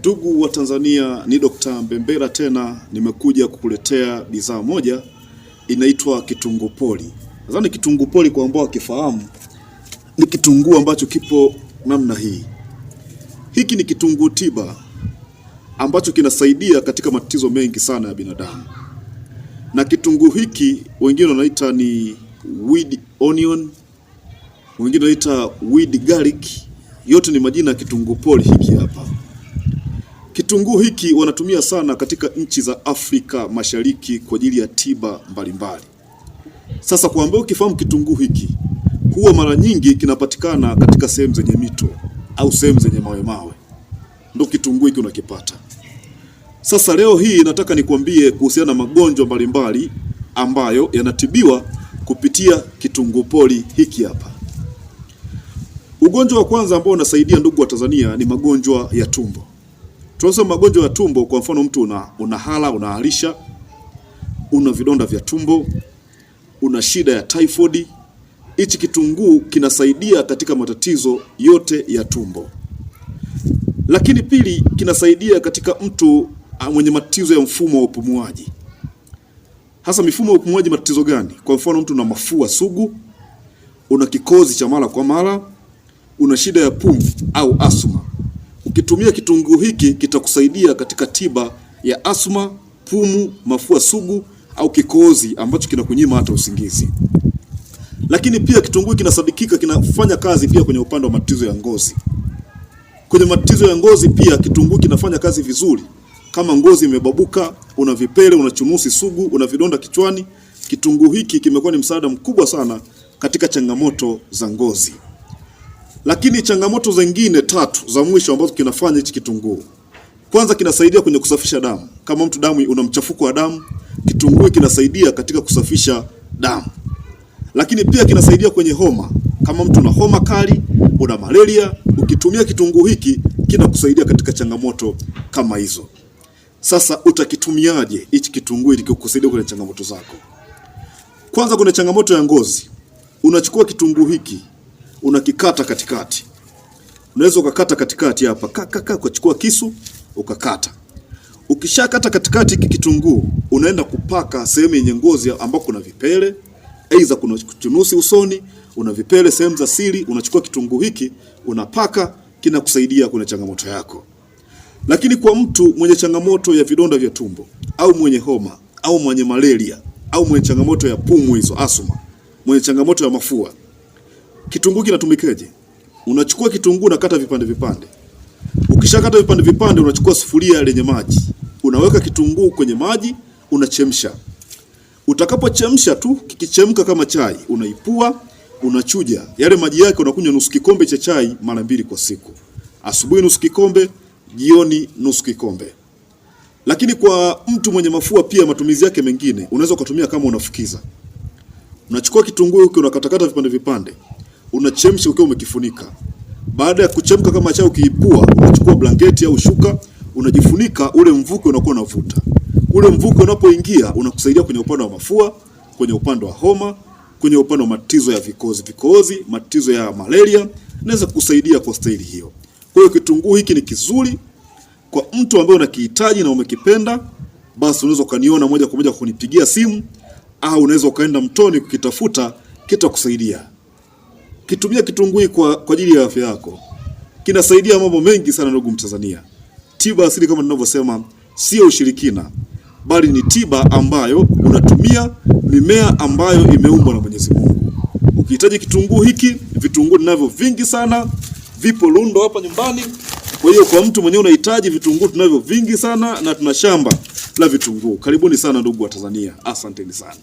Ndugu wa Tanzania, ni Dr. Mbembera tena, nimekuja kukuletea bidhaa moja inaitwa kitunguu poli. Nadhani kitunguu poli kwa ambao wakifahamu ni kitunguu ambacho kipo namna hii. Hiki ni kitunguu tiba ambacho kinasaidia katika matatizo mengi sana ya binadamu, na kitunguu hiki wengine wanaita ni weed onion, wengine wanaita weed garlic, yote ni majina ya kitunguu poli hiki hapa. Kitunguu hiki wanatumia sana katika nchi za Afrika Mashariki kwa ajili ya tiba mbalimbali. Sasa kwa ambao ukifahamu kitunguu hiki huwa mara nyingi kinapatikana katika sehemu zenye mito au sehemu zenye mawe mawe, ndio kitunguu hiki unakipata. Sasa leo hii nataka nikuambie kuhusiana na magonjwa mbalimbali ambayo yanatibiwa kupitia kitunguu poli hiki hapa. Ugonjwa wa kwanza ambao unasaidia ndugu wa Tanzania ni magonjwa ya tumbo. Tunasema magonjwa ya tumbo, kwa mfano mtu una, una hala unaharisha, una vidonda vya tumbo, una shida ya typhoid. Hichi kitunguu kinasaidia katika matatizo yote ya tumbo, lakini pili, kinasaidia katika mtu ah, mwenye matatizo ya mfumo wa upumuaji. Hasa mifumo ya upumuaji, matatizo gani? Kwa mfano mtu una mafua sugu, una kikozi cha mara kwa mara, una shida ya pumu au asma Ukitumia kitunguu hiki kitakusaidia katika tiba ya asma, pumu, mafua sugu au kikozi ambacho kinakunyima hata usingizi. Lakini pia kitunguu kinasadikika kinafanya kazi pia kwenye upande wa matatizo ya ngozi. Kwenye matatizo ya ngozi pia kitunguu kinafanya kazi vizuri. Kama ngozi imebabuka, una vipele, una chunusi sugu, una vidonda kichwani, kitunguu hiki kimekuwa ni msaada mkubwa sana katika changamoto za ngozi. Lakini changamoto zingine tatu za mwisho ambazo kinafanya hichi kitunguu, kwanza kinasaidia kwenye kusafisha damu. Kama mtu damu una mchafuko wa damu, kitunguu kinasaidia katika kusafisha damu. Lakini pia kinasaidia kwenye homa. Kama mtu una homa kali, una malaria, ukitumia kitunguu hiki kinakusaidia katika changamoto kama hizo. Sasa utakitumiaje hichi kitunguu ili kukusaidia kwenye changamoto zako? Kwanza, kuna changamoto ya ngozi. Unachukua kitunguu hiki unakikata katikati. Unaweza ukakata katikati hapa kakaka, ukachukua kisu ukakata. Ukishakata katikati hiki kitunguu, unaenda kupaka sehemu yenye ngozi ambako kuna vipele, aidha kuna chunusi usoni, una vipele sehemu za siri, unachukua kitunguu hiki unapaka, kinakusaidia kuna changamoto yako. Lakini kwa mtu mwenye changamoto ya vidonda vya tumbo au mwenye homa au mwenye malaria au mwenye changamoto ya pumu hizo asma, mwenye changamoto ya mafua Kitunguu kinatumikaje? Unachukua kitunguu unakata vipande vipande. Ukishakata vipande vipande, unachukua sufuria lenye maji, unaweka kitunguu kwenye maji, unachemsha. Utakapochemsha tu, kikichemka kama chai, unaipua, unachuja yale maji yake, unakunywa nusu kikombe cha chai mara mbili kwa siku, asubuhi nusu kikombe, jioni nusu kikombe. Lakini kwa mtu mwenye mafua pia, matumizi yake mengine, unaweza ukatumia kama unafukiza. Unachukua kitunguu hiki unakatakata vipande vipande unachemsha ukiwa umekifunika. Baada ya kuchemka kama chai, ukiipua unachukua blanketi au shuka unajifunika, ule mvuke unakuwa unavuta. Ule mvuke unapoingia unakusaidia kwenye upande wa mafua, kwenye upande wa homa, kwenye upande wa matizo ya vikozi vikozi, matizo ya malaria, naweza kukusaidia kwa staili hiyo. Kwa hiyo kitunguu hiki ni kizuri kwa mtu ambaye unakihitaji na umekipenda, basi unaweza ukaniona moja kwa moja kunipigia simu, au unaweza ukaenda mtoni kukitafuta, kitakusaidia. Kitumia kitunguu kwa, kwa ajili ya afya yako, kinasaidia mambo mengi sana ndugu Mtanzania. Tiba asili kama ninavyosema, sio ushirikina, bali ni tiba ambayo unatumia mimea ambayo imeumbwa na Mwenyezi Mungu. Ukihitaji kitunguu hiki, vitunguu ninavyo vingi sana, vipo lundo hapa nyumbani. Kwa hiyo kwa mtu mwenyewe unahitaji vitunguu, tunavyo vingi sana na tuna shamba la vitunguu. Karibuni sana ndugu wa Tanzania, asanteni sana.